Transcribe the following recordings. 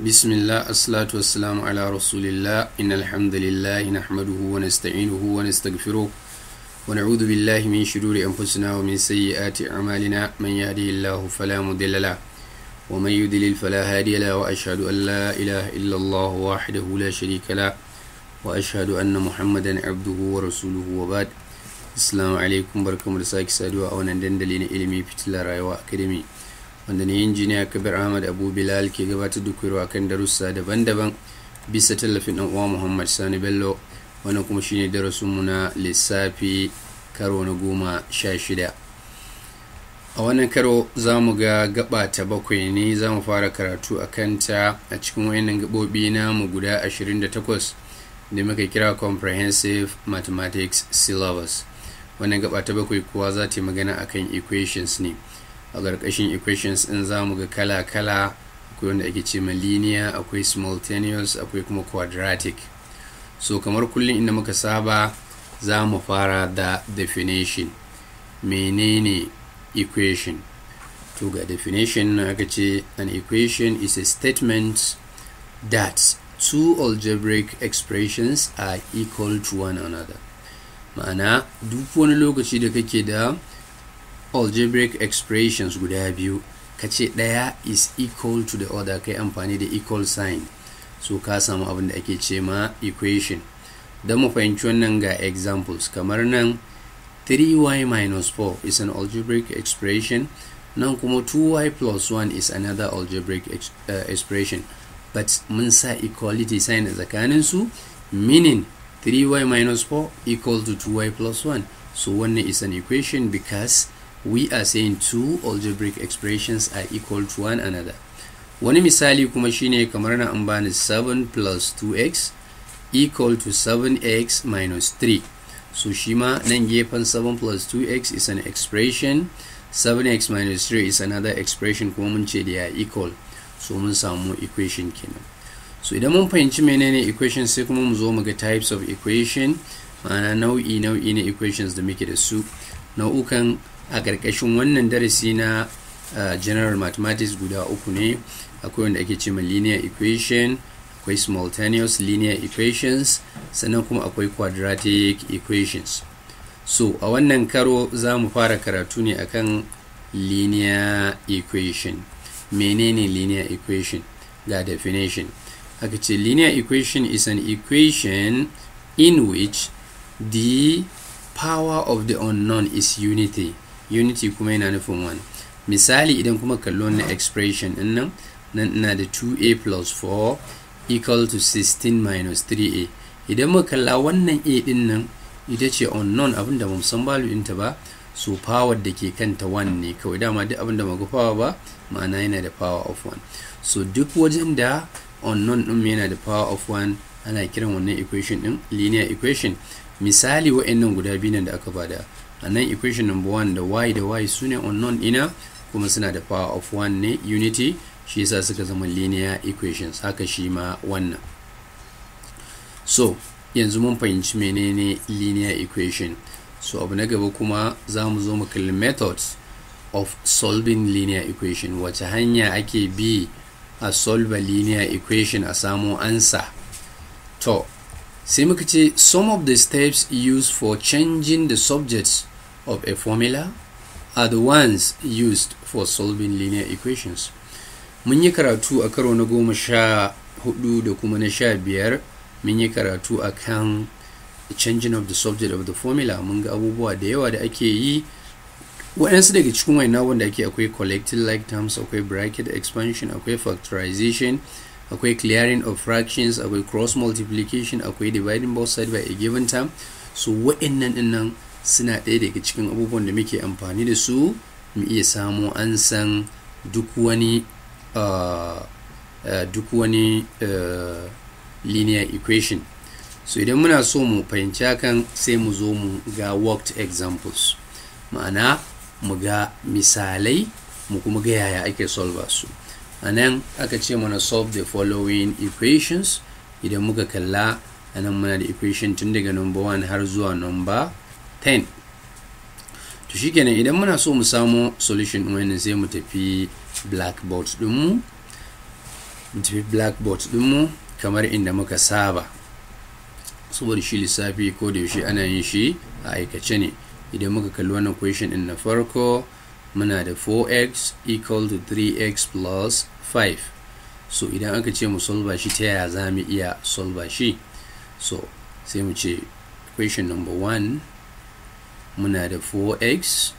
بسم الله الصلاة والسلام على رسول الله إن الحمد لله نحمده ونستعينه ونستغفره ونعوذ بالله من شرور أنفسنا ومن سيئات أعمالنا من يهده الله فلا مضل له ومن يضلل فلا هادي له وأشهد أن لا إله إلا الله وحده لا شريك له وأشهد أن محمدا عبده ورسوله وبعد السلام عليكم بركم رسائك سادوا أو نندن دلين إلمي فتلا رايوا أكاديمي wanda ne injiniya kabir ahmad abu bilal ke gabatar da koyarwa kan darussa daban-daban bisa tallafin dan uwa muhammad sani bello wannan kuma shine darasinmu na lissafi karo na goma sha shida a wannan karo za mu ga gaba ta bakwai ne za mu fara karatu a kanta a cikin wayannan gabobi namu guda 28 da muka kira comprehensive mathematics syllabus wannan gaba ta bakwai kuwa za ta yi magana akan equations ne a ƙarƙashin equations in za mu ga kala-kala akwai wanda ake ce ma linear akwai simultaneous akwai kuma quadratic so kamar kullum inda muka saba za mu fara da definition menene equation to ga definition aka ce an equation is a statement that two algebraic expressions are equal to one another ma'ana duk wani lokaci da kake da algebraic expressions guda biyu ka ce ɗaya is equal to the other kai amfani da equal sign so ka samu abin da ake ce ma equation don mu fahimci wannan ga examples kamar nan 3y minus 4 is an algebraic expression nan kuma 2y plus 1 is another algebraic ex uh, expression but mun sa equality sign a tsakanin su meaning 3y minus 4 equal to 2y plus 1 so wannan is an equation because we are saying two algebraic expressions are equal to one another wani misali kuma shine kamar na ambani 7 plus 2x equal to 7x minus 3 so shima ma nan gefen 7 plus 2x is an expression 7x minus 3 is another expression kuma mun ce da ya equal so mun samu equation kenan so idan mun fahimci menene equation sai kuma mu zo mu ga types of equation ma'ana nau'i nau'i na equations da muke da su nau'ukan a ƙarƙashin wannan darasi na uh, general mathematics guda uku ne akwai wanda ake cewa linear equation akwai simultaneous linear equations sannan kuma akwai quadratic equations so a wannan karo za mu fara karatu ne akan linear equation menene linear equation ga definition aka ce linear equation is an equation in which the power of the unknown is unity unity kuma yana nufin 1 misali idan kuma kallo na expression din nan nan ina da 2a plus 4 equal to 16 minus 3a idan mu kalla wannan a din nan ita ce unknown abin da bamu san value ta ba so power da ke kanta 1 ne kawai dama duk abin da ga power ba ma'ana yana da power of 1 so duk wajen da unknown ɗin yana da power of 1 ana kiran wannan equation din linear equation misali wa'annan guda biyu nan da aka bada and then equation number one da y da y su ne unknown ina kuma suna da power of one ne unity shi yasa suka zama linear equations haka shi ma wannan so yanzu mun fahimci menene linear equation so abu na gaba kuma za mu zo mu kalli methods of solving linear equation wace hanya ake bi a solve a linear equation a samo ansa to sai muka ce some of the steps used for changing the subjects of a formula are the ones used for solving linear equations. Mun yi karatu a karo na goma sha hudu da kuma na sha biyar mun yi karatu a kan changing of the subject of the formula mun ga abubuwa da yawa da ake yi waɗansu daga cikin waina wanda ake akwai collecting like terms akwai bracket expansion akwai factorization akwai clearing of fractions akwai cross multiplication akwai dividing both sides by a given term so waɗannan suna ɗaya daga cikin abubuwan da muke amfani da su mu iya samo an san duk wani ah, ah, duk wani ah, linear equation so idan muna so mu fahimci kan sai mu zo mu ga worked examples ma'ana mu ga misalai mu kuma ga yaya ake solver su a nan aka ce mana solve the following equations idan muka kalla a nan muna da equation tun daga number 1 har zuwa number 10 to shikenan idan muna so mu samu solution ɗin wannan sai mu tafi blackboard din mu tafi blackboard mu kamar inda muka saba saboda shi lissafi ko da yaushe ana yin shi a aikace ne idan muka kalli wannan question ɗin na farko muna da 4x equal to 3x plus 5 so idan aka ce mu solver shi ta yaya za mu iya solver shi so sai mu ce question number one. muna da 4x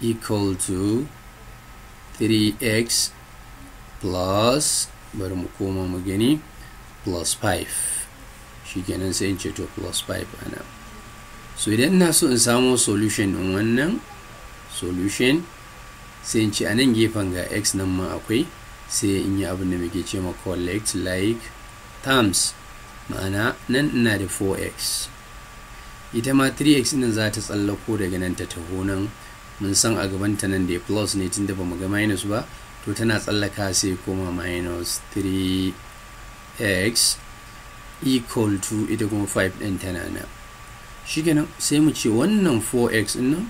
equal to 3x plus bari mu koma mu gani plus 5 shikenan sai in ce to plus 5 ana so idan ina so in samo solution din wannan solution sai in ce a nan gefen ga x nan ma akwai sai in yi abin da muke ce ma collect like terms ma'ana nan ina da 4x ita ma 3x din za ta tsallako daga nan ta taho nan mun san a gaban ta nan da plus ne tunda ba mu ga minus ba to tana tsallaka sai koma minus 3x equal to ita kuma 5 din tana nan shikenan sai mu ce wannan 4x din nan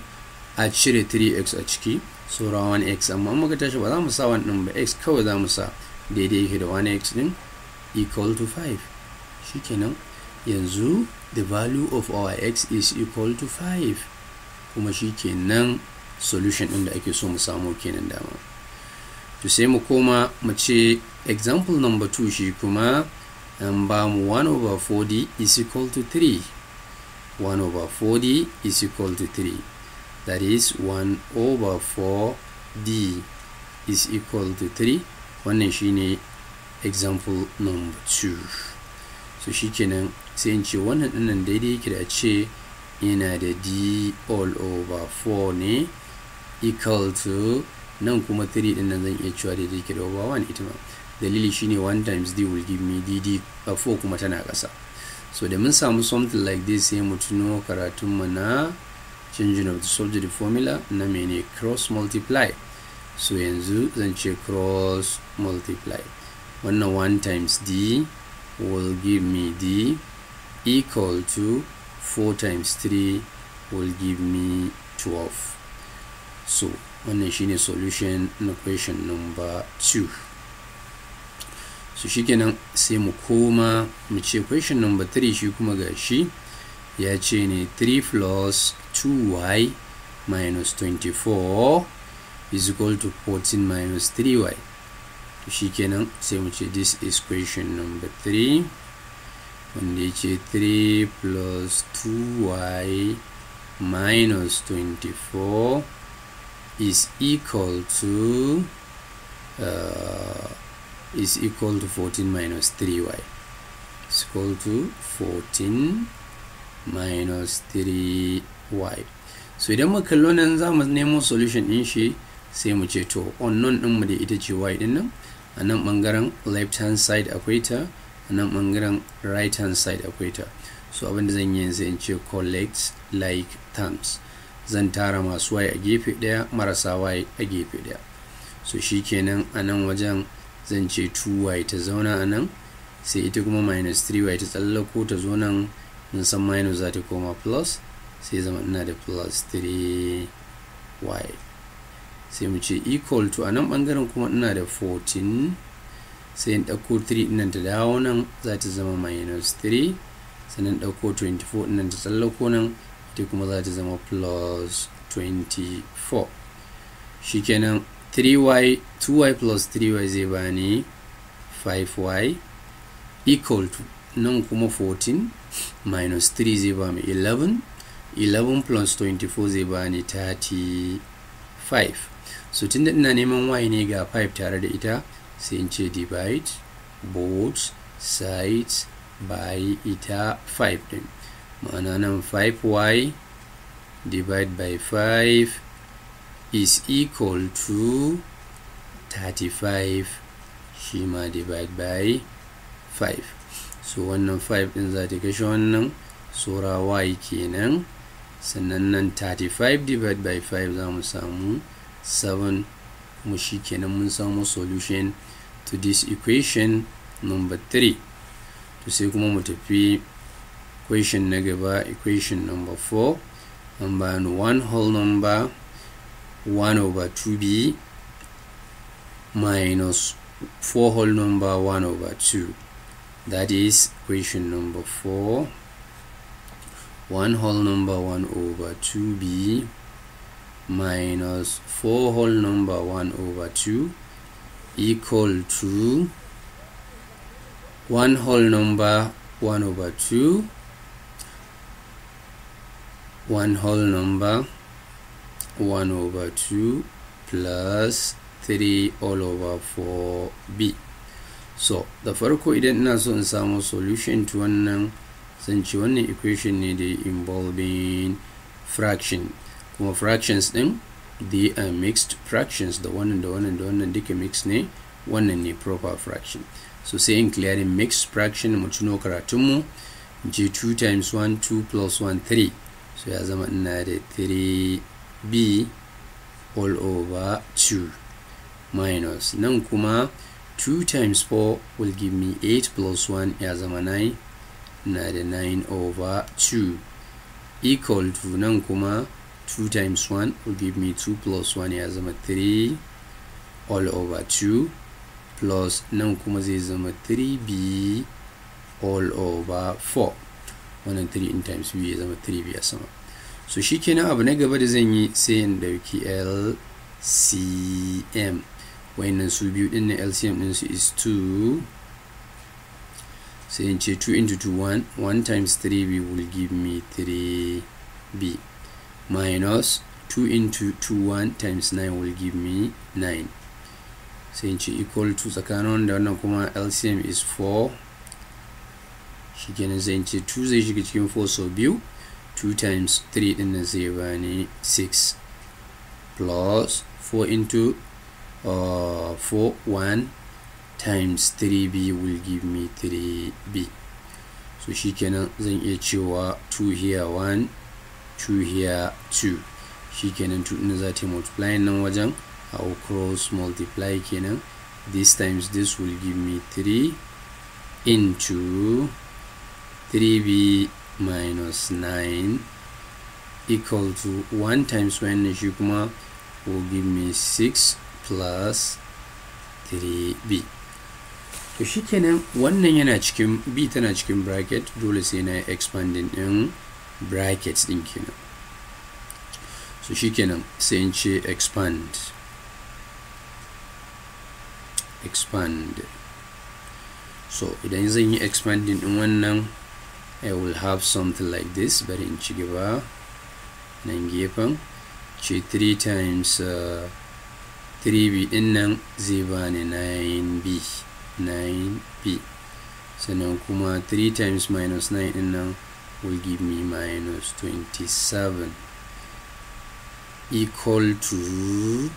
a cire 3x a ciki saura 1x amma muka tashi ba za mu sa wani din ba x kawai za mu sa daidai yake da 1x din equal to 5 shikenan yanzu the value of our x is equal to 5 kuma shi kenan solution din da ake so mu samu kenan dama to sai mu koma mu ce example number 2 shi kuma an ba mu 1 over 4d is equal to 3 1 over 4d is equal to 3 that is 1 over 4d is equal to 3 wannan shine example number 2 so shi kenan sai in ce wannan dinnan daidai yake da ce yana da d all over 4 ne equal to nan kuma 3 dinnan zan iya cewa daidai yake da over 1 ita ma dalili shine 1 times d will give me dd 4 uh, kuma tana kasa. so da mun samu something like this sai mu tuno karatun mu na changing of the subject formula na mene cross multiply so yanzu zan ce cross multiply wannan 1 times d will give me d equal to 4 times 3 will give me 12 so wannan shine solution na question number 2 so shikenan sai mu koma mu ce question number 3 shi kuma gashi ya ce ne 3 plus 2y minus 24 is equal to 14 minus 3y to shikenan sai mu ce this is question number 3 wanda yake 3 plus 2y minus 24 is equal to uh, is equal to 14 minus 3y is equal to 14 minus 3y so idan kallo nan za mu nemo solution din shi sai mu ce to unknown din mu da ita ce y din nan a nan bangaren left hand side akwai ta nan bangaren right hand side akwai ta so abinda zan yi yanzu in ce collect like terms zan tara masu waye a gefe daya marasa waye a gefe daya. so shikenan a nan wajen zan ce 2y ta zauna a nan sai ita kuma minus 3y ta tsallako ta zo nan mun san minus za ta koma plus sai zama ina da plus 3y sai mu ce equal to a nan bangaren kuma ina da 14 sai in ɗauko 3 ɗinnan ta dawo nan za ta zama minus 3 sannan ɗauko 24 ɗinnan ta tsallako nan ita kuma za ta zama plus 24 shikenan 3y 2y plus 3y zai bani 5y equal to nan kuma 14 minus 3 zai ba mu 11 11 plus 24 zai ba ni 35 so tunda ina neman y ne ga 5 tare da ita sinci divide both sides by ita 5 din ma'ana nan 5y divide by 5 is equal to 35 shi ma divide by 5 so wannan 5 din za ta kashe wannan tsora y kenan sannan nan 35 divide by 5 za mu samu 7 mu shi kenan mun samu solution to this equation number 3 to see kuma mu tafi equation na gaba equation number 4 and 1 whole number 1 over 2b minus 4 whole number 1 over 2 that is equation number 4 1 whole number 1 over 2b minus 4 whole number 1 over 2 equal to one whole number 1 over 2 one whole number 1 over 2 plus 3 all over 4b so da farko idan ina so in samu solution to wannan zan ci wannan equation ne da involving fraction kuma fractions din they are uh, mixed fractions the one and the one and the one and duka mix ne wannan ne proper fraction so saying clearly mixed fraction mu tuno mu j 2 times 1 2 plus 1 3 so ya zama ina da 3b all over 2 minus nan kuma 2 times 4 will give me 8 plus 1 ya zama 9 na da 9 over 2 equal to nan kuma 2 times 1 will give me 2 plus 1 ya zama 3 all over 2 plus nan kuma zai zama 3b all over 4 wannan 3 in times b ya zama 3b a sama so shikenan abu na gaba da zan yi sai in dauki lcm wayannan su biyu din na lcm din su is 2 sai in ce 2 into 2 1 1 times 3b will give me 3b minus 2 into 2 1 times 9 will give me 9 sai in ce equal to tsakanin da wannan kuma lcm is 4 shi kenan sai in ce 2 zai shiga cikin 4 so biyu 2 times 3 din nan zai bani 6 plus 4 into uh, 4 1 times 3b will give me 3b so shi kenan zan iya cewa 2 here 1 2 here 2 she 2 din za multiply nan wajen I'll cross multiply kenan this times this will give me 3 into 3b minus 9 equal to 1 times 1 shi kuma will give me 6 plus 3b to shikenan wannan yana cikin b tana cikin bracket dole sai na expanding in brackets din kenan so shikenan sai in ce expand expand so idan zan yi expanding din wannan i will have something like this bari in ci gaba nan gefen ce 3 times uh, 3b din nan zai bani 9b 9b sannan kuma 3 times minus 9 din nan will give me minus 27 equal to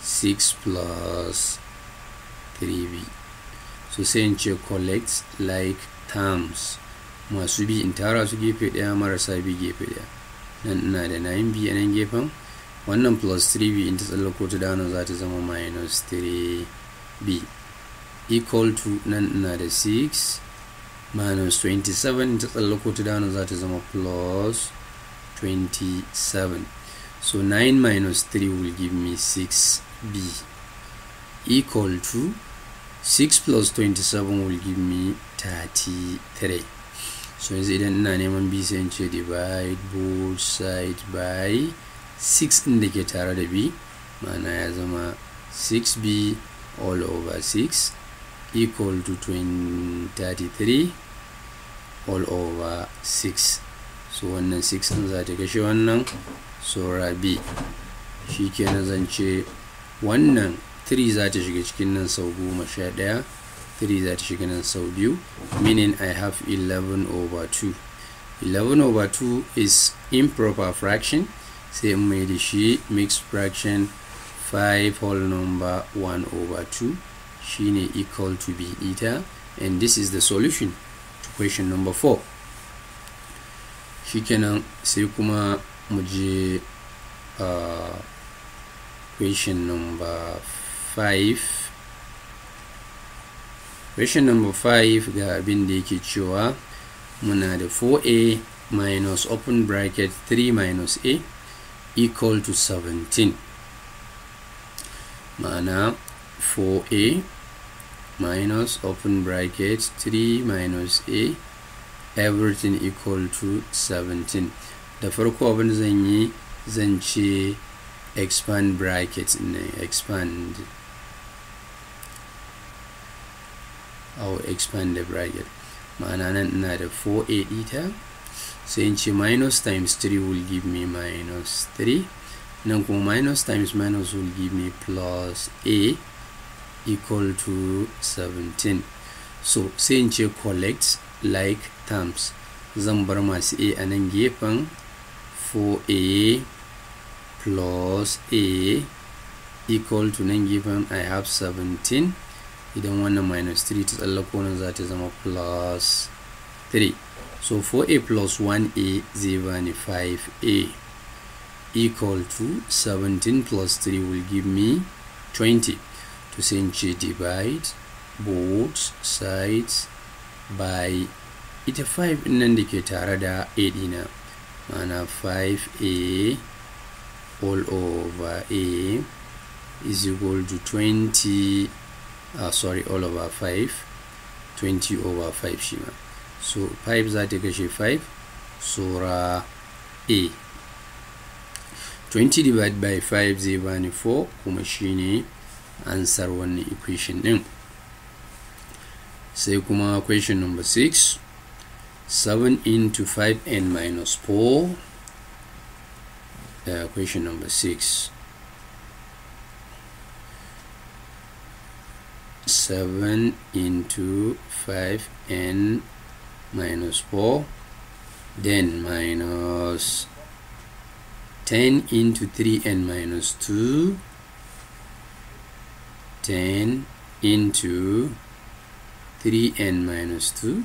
6 plus 3b so since you ce collect like terms masu bi in tara su gefe daya marasa bi gefe daya nan ina da 9b a nan gefen wannan plus 3b in ta tsallako ta dano za ta zama minus 3b equal to nan ina da 6 minus 27 ta tsallako ta dano za ta zama plus 27 so 9 minus 3 will give me 6b equal to 6 plus 27 will give me 33 so yanzu idan ina neman b sai in ce divide both sides by 6 in da ke tare da b mana ya zama 6b all over 6 equal to 20, 33 all over 6 so wannan 6 din za ta kashe wannan so rabi shi kenan zan ce wannan 3 za ta shiga cikin nan sau goma sha 3 za ta shiga nan sau 2 meaning i have 11 over 2 11 over 2 is improper fraction sai mai da shi mixed fraction 5 whole number 1 over 2 shine equal to be eta and this is the solution question number 4 shikenan sai kuma mu je ah, question number 5 question number 5 ga abin da yake cewa muna da 4a minus open bracket 3 minus a equal to 17 ma'ana 4a minus open bracket 3 minus a everything equal to 17 da farko abin zan yi zan ce expand bracket ne expand our expand the bracket ma'ana nan ina da 4a eta sai in ce minus times 3 will give me minus 3 nan kuma minus times minus will give me plus a equal to 17 so sai in ce collect like terms zan bar masu a a nan gefen 4a plus a equal to nan gefen i have 17 idan wannan minus 3 ta tsallako nan za ta zama plus 3 so 4a plus 1a zai ni 5a equal to 17 plus 3 will give me 20 percentage divide both sides by ita 5 nan da ke tare da a dina mana 5a all over a is equal to 20 uh, ah, sorry all over 5 20 over 5 shi ma so 5 za ta kashe 5 sura a 20 divided by 5 zai bani 4 kuma shine Answer one equation din Say kuma question number 6 7 into 5n minus 4 uh, question number 6 7 into 5n minus 4 then minus 10 into 3n minus 2 10 into 3n minus 2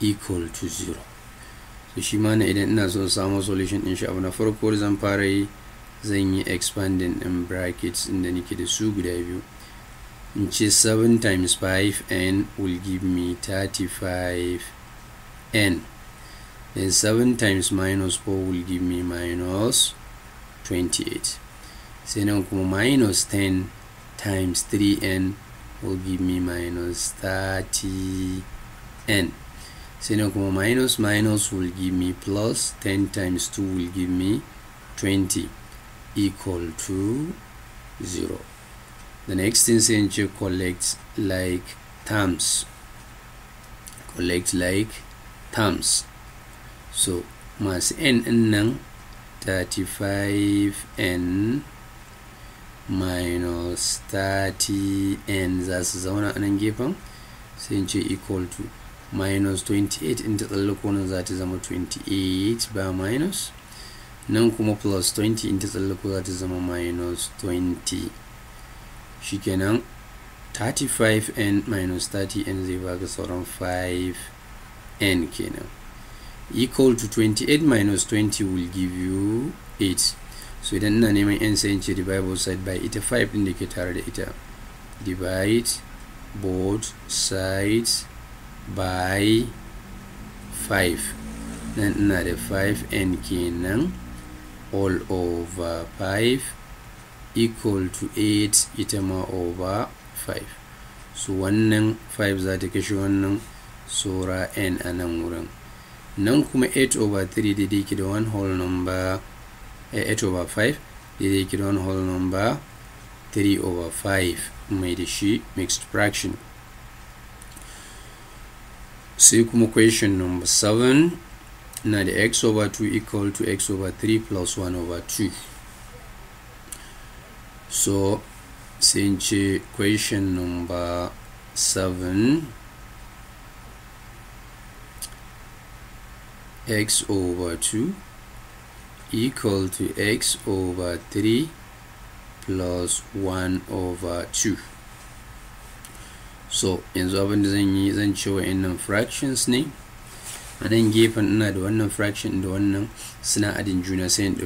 equal to 0 so she mana idan ina so samu solution din shi abu na farko zan fara yi zan yi expanding in brackets in da nake da su guda biyu in ce 7 times 5n will give me 35n then 7 times minus 4 will give me minus 28 sai nan kuma minus 10 times 3n will give me minus 30n so now kuma minus minus will give me plus 10 times 2 will give me 20 equal to 0 the next thing since you collect like terms collect like terms so mass n then 35n minus 30n za su zauna a nan gefen sai in ce equal to minus 28 in ta tsallako nan za ta zama 28 ba minus nan kuma plus 20 in ta tsallako za ta zama minus 20 shikenan 35n minus 30n zai baka sauran 5n kenan equal to 28 minus 20 will give you 8 so idan ina neman n sai in ce divide both side by ita 5 din da ke tare da ita divide both sides by 5 nan ina da 5n kenan all over 5 equal to 8 ita ma over 5 so wannan 5 za ta kashe wannan sora n a nan wurin nan kuma 8 over 3 daidai ke da one whole number 8 over 5 dai yake da wani whole number 3 over 5 mai da shi mixed fraction sai kuma question number 7 na da x over 2 equal to x over 3 plus 1 over 2 so sai ce question number 7 x over 2 equal to x over 3 plus 1 over 2 so yanzu abin da zan yi zan ce wa'annan fractions ne a nan gefen ina da wannan fraction da wannan suna adin juna sai in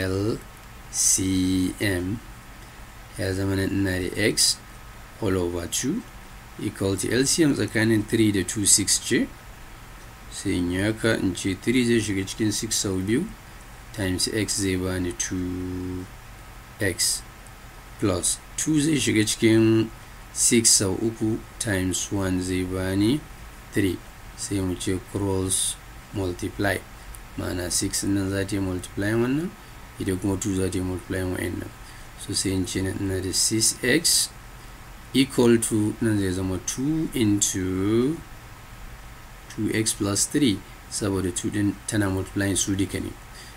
l c m ya zama nan ina da x all over 2 equal to lcm tsakanin 3 da 2 6 ce sai in yaka in ce 3 zai shiga cikin 6 sau biyu times x zai bani 2x plus 2 zai shiga cikin 6 sau 3 times 1 zai bani 3 sai mu ce cross multiply mana 6 nan za ta yi multiply wannan ita kuma 2 za ta yi multiply wannan so sai in ce na da 6x equal to nan zai zama 2 into 2x plus 3 saboda 2 din tana multiplying su duka ne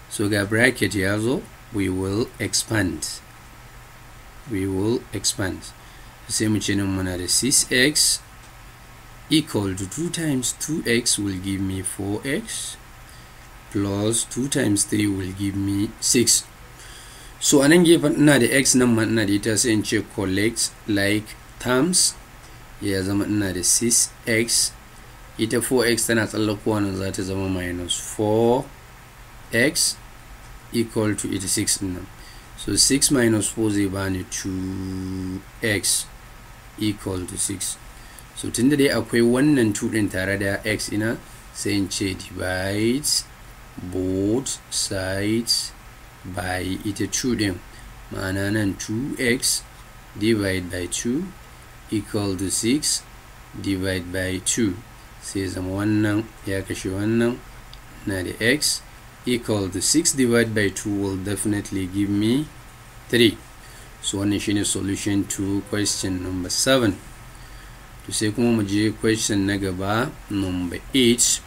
so ga bracket ya zo we will expand we will expand sai mu ce nan muna da 6x equal to 2 times 2x will give me 4x plus 2 times 3 will give me 6 so a nan gefen ina da x nan ma ina da ita sai in ce collect like terms ya zama ina da 6x ita 4x tana tsallakowa nan za ta zama minus 4 x equal to ita 6 nan so 6 minus 4 zai bani 2x equal to 6 so tunda dai akwai wannan 2 din tare da x ina sai in ce divides both sides by ita 2 din ma'ana nan 2x divide by 2 equal to 6 divide by 2 sai zama wannan ya kashe wannan na da x equal to 6 divided by 2 will definitely give me 3 so one is a solution to question number 7 to say kuma question number 8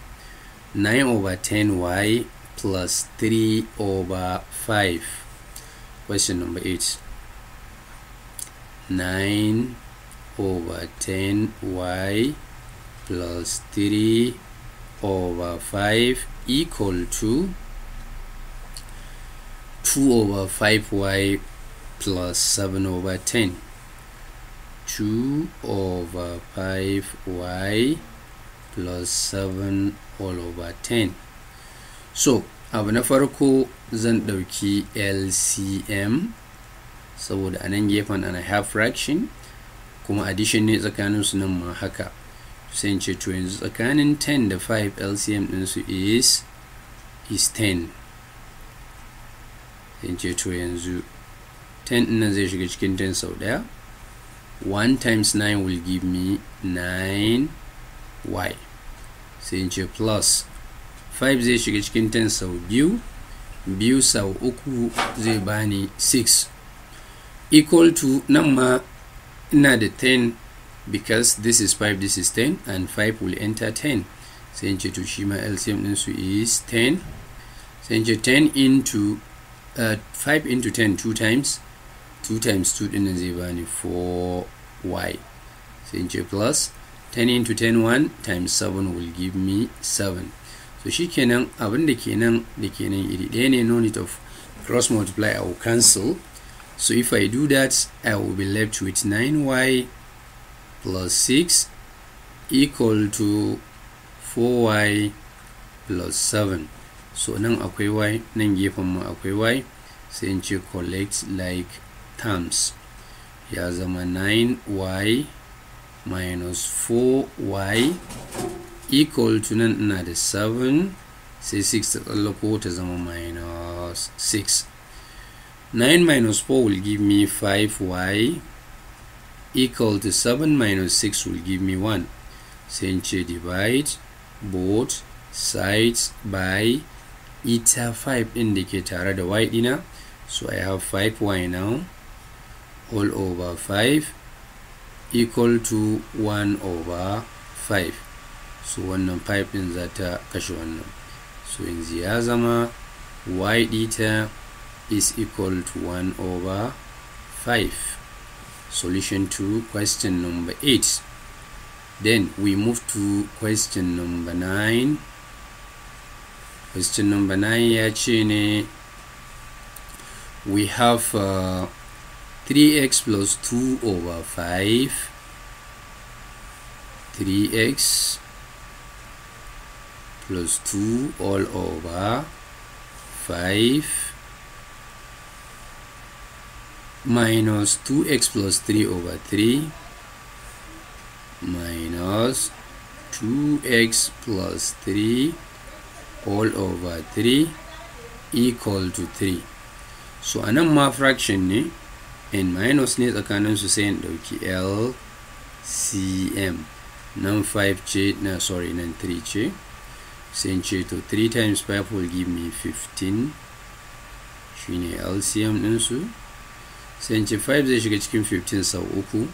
9 over 10y plus 3 over 5 question number 8 9 over 10y plus 3 over 5 equal to 2 over 5y plus 7 over 10 2 over 5y plus 7 all over 10 so abu na farko zan ɗauki lcm saboda a nan gefen ana half fraction kuma addition ne tsakaninsu nan ma haka sun ce to yanzu tsakanin 10 da 5 lcm ɗinsu is is 10 sun ce to yanzu 10 ɗin zai shiga cikin 10 sau ɗaya 1 times 9 will give me 9y sun ce plus 5 zai shiga cikin 10 sau biyu biyu sau uku zai bani 6 equal to nan ma ina da 10 because this is 5 this is 10 and 5 will enter 10 sai in ce to shi LCM din is 10 sai in 10 into uh, 5 into 10 two times 2 times 2 din nan zai 4y sai in 10 into 10 1 times 7 will give me 7 so she kenan abin da kenan da kenan iri ɗaya ne no need of cross multiply I will cancel so if I do that I will be left with 9y plus 6 equal to 4y plus 7 so nan akwai y nan gefen mu akwai y sai in ce collect like terms ya zama 9y minus 4y equal to nan ina da 7 sai 6 ta tsallako ta zama minus 6 9 minus 4 will give me 5y equal to 7 minus 6 will give me 1 Since you divide both sides by eta 5 indicator the ke tare y dina so i have 5y now all over 5 equal to 1 over 5 so 1 wannan 5 in that casual. Uh, so in the azama y eta is equal to 1 over 5 solution to question number 8 then we move to question number 9 question number 9 ya we have uh, 3x plus 2 over 5 3x plus 2 all over 5 minus 2x plus 3 over 3 minus 2x plus 3 all over 3 equal to 3 so a nan ma fraction ne and minus ne su sai in ɗauki lcm nan 5 ce na sorry nan 3 ce sai ce to 3 times 5 will give me 15 shine lcm ɗinsu sai 5 zai shiga cikin 15 sau uku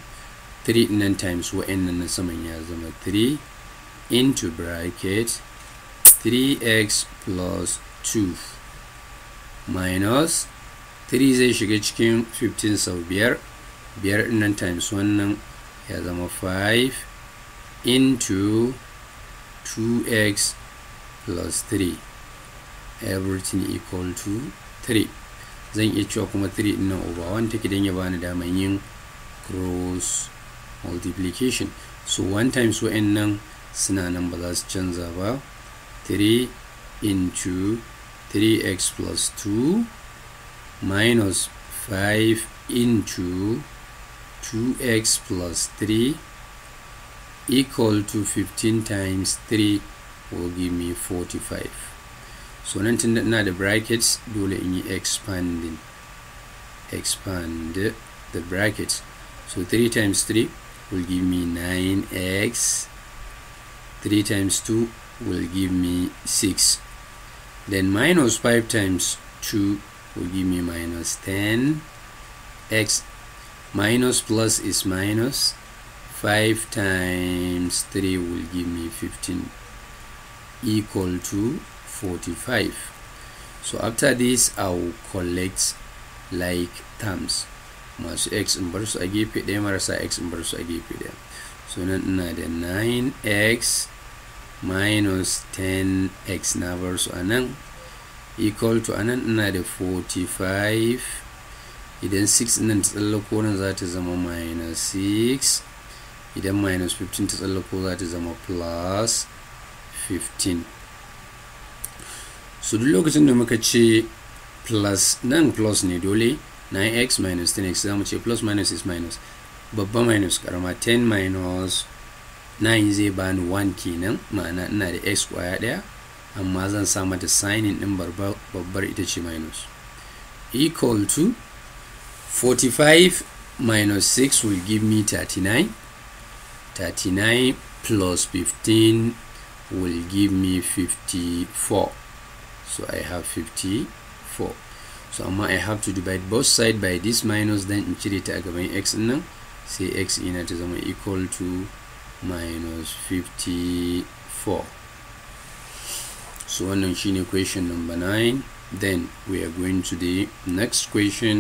3 nan times wa'annan na saman ya zama 3 into bracket 3x plus 2 minus 3 zai shiga cikin 15 sau biyar biyar nan times wannan ya zama 5 into 2x plus 3 everything equal to 3 zan iya cewa kuma 3 din nan over 1 take dan ya bani daman yin cross multiplication so 1 times wa'in nan suna nan ba za su canza ba 3 into 3x plus 2 minus 5 into 2x plus 3 equal to 15 times 3 will give me 45 so nan tun ina the brackets dole in yi expanding expand the brackets so 3 times 3 will give me 9x 3 times 2 will give me 6 then minus 5 times 2 will give me minus 10 x minus plus is minus 5 times 3 will give me 15 equal to 45 so after this i will collect like terms masu x in bar su a gefe ɗaya marasa x in bar su a gefe ɗaya so nan ina da 9x minus 10x na bar su a nan equal to a nan ina da 45 idan 6 nan ta tsallako nan za ta zama minus 6 idan minus 15 ta tsallako za ta zama plus 15 so duk lokacin da muka ce plus nan plus ne dole 9x minus 10x za mu ce plus minus is minus babba minus karama 10 minus 9 zai bani 1 kenan ma'ana ina da x kwaya daya amma zan sa mata sinin din babbar ita ce minus equal to 45 minus 6 will give me 39 39 plus 15 will give me 54 so I have 54 so amma I have to divide both side by this minus then in cire ta a gaban x nan say x ina ta zama equal to minus 54 so wannan shine question number 9 then we are going to the next question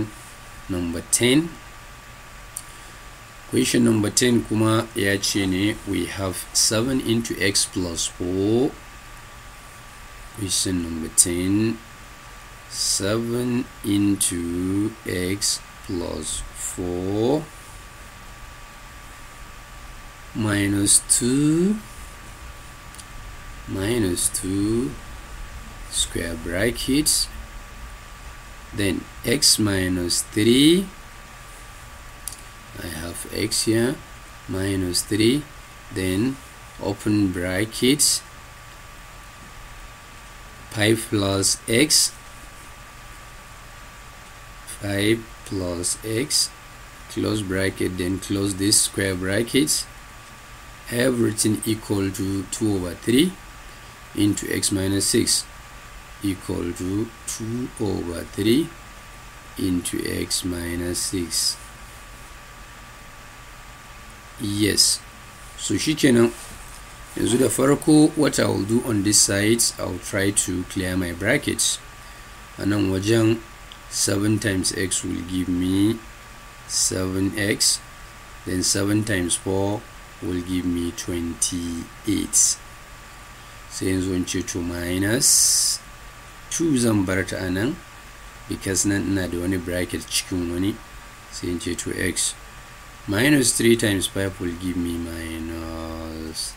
number 10 question number 10 kuma ya ce ne we have 7 into x plus 4 Equation number 10. 7 into x plus 4 minus 2 minus 2 square brackets then x minus 3 I have x here minus 3 then open brackets 5 plus x 5 plus x close bracket then close this square bracket everything equal to 2 over 3 into x minus 6 equal to 2 over 3 into x minus 6 yes so she can yanzu da farko what I will do on this side I will try to clear my brackets anan wajen 7 times x will give me 7x then 7 times 4 will give me 28 sai yanzu in ce to minus 2 zan bar ta anan because nan ina da wani bracket cikin wani sai in ce to x minus 3 times 5 will give me minus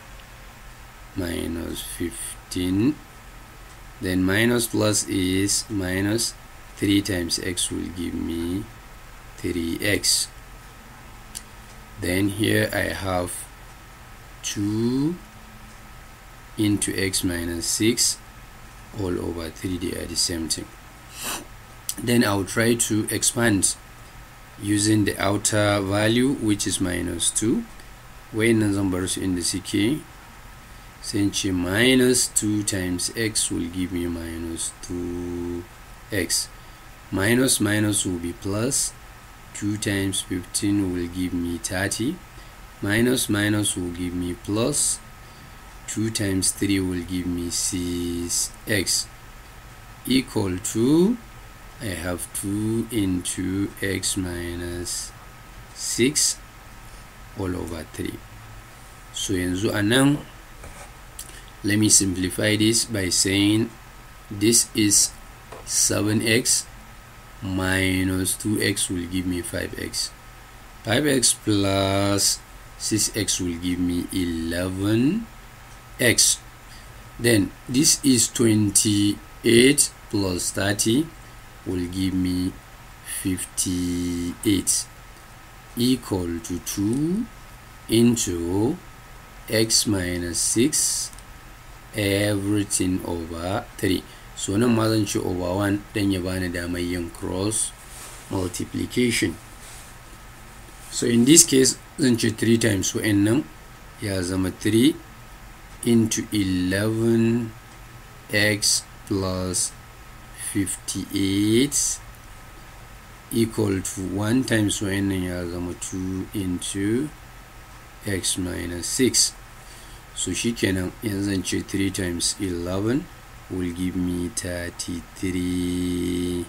minus 15 then minus plus is minus 3 times x will give me 3x then here I have 2 into x minus 6 all over 3 they are the same thing then I'll try to expand using the outer value which is minus 2 wayannan zan numbers in the CK since minus 2 times x will give me minus 2x minus minus will be plus 2 times 15 will give me 30 minus minus will give me plus 2 times 3 will give me 6x equal to I have 2 into x minus 6 all over 3 so zu anan let me simplify this by saying this is 7x minus 2x will give me 5x 5x plus 6x will give me 11x then this is 28 plus 30 will give me 58 equal to 2 into x minus 6 everything over 3 so nan ma zan ce over 1 dan ya bani damar yin cross multiplication so in this case zan ce 3 times so n nan ya zama 3 into 11 x plus 58 equal to 1 times so n nan ya zama 2 into x minus 6 so she can zan 3 times 11 will give me 33x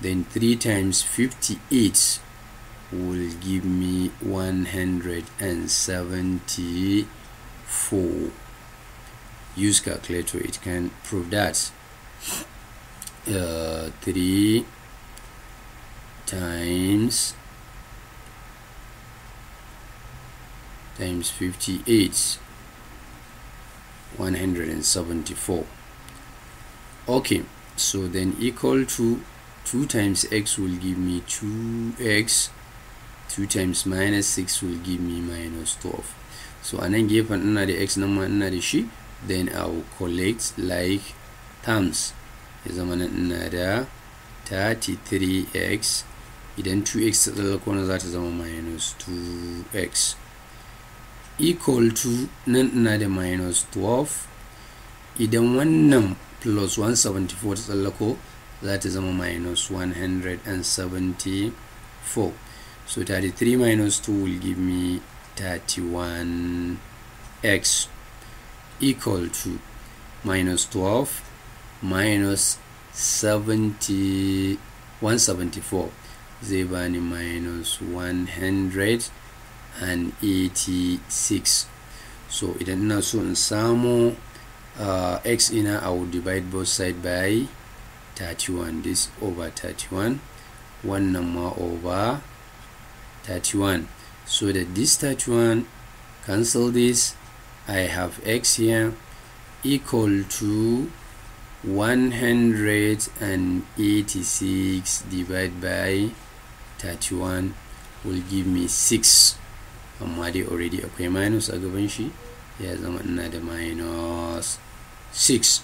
then 3 times 58 will give me 174 use calculator it can prove that uh, 3 times times 58 174 okay so then equal to 2 times x will give me 2x 2 times minus 6 will give me minus 12 so and then give another x number another she then i will collect like terms is zama nan ina 33x then 2x ta tsallako na za ta zama minus 2x equal to nan ina da minus 12 idan wannan plus 174 ta tsallako za ta zama minus 174 so 33 minus 2 will give me 31x equal to minus 12 minus 70 174 zai bani minus 100 And 86 so it is not so in uh, x ina i will divide both side by 31 this over 31 one number over 31 so that this 31 cancel this i have x here equal to 186 divided by 31 will give me 6 amma dai already akwai minus a gaban shi ya zama ina da minus 6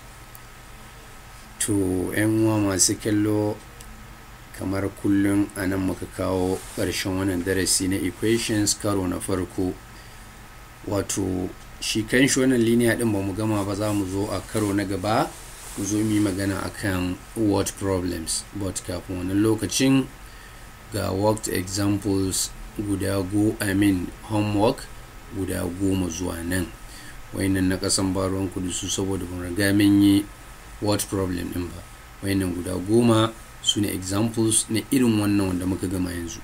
to yan uwa masu kallo kamar kullum a nan muka kawo ƙarshen wannan darasi na equations karo na farko wato shi kan shi wannan linear din ba mu gama ba za mu zo a karo na gaba mu zo mu yi magana akan word problems but kafin wannan lokacin ga worked examples guda go I mean homework guda goma zuwa nan wayannan na kasan ba ruwan su saboda ban riga min yi what problem din ba wayannan guda goma su ne examples na irin wannan wanda muka gama yanzu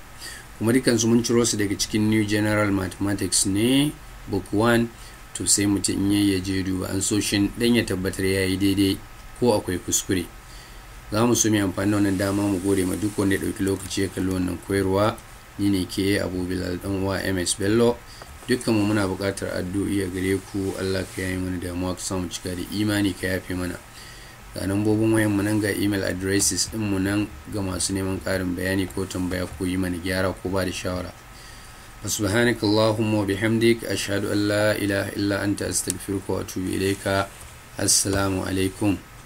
kuma dukansu mun ciro su daga cikin new general mathematics ne book 1 to sai mutum in ya je duba an so shin dan ya tabbatar yayi daidai ko akwai kuskure za mu so mai amfani da wannan dama mu gode ma duk wanda ya dauki lokaci ya kalli wannan koyarwa ni ne ke abu bilal dan uwa ms bello dukkanmu muna buƙatar addu'o'i a gare ku allah ka yi mana damuwa ka samu cika da imani ka yafe mana ga nambobin wayan mu nan ga email addresses din mu nan ga masu neman ƙarin bayani ko tambaya ko yi mana gyara ko ba da shawara subhanaka allahumma bihamdik ashhadu an la ilaha illa anta astaghfiruka wa atubu ilayka assalamu alaikum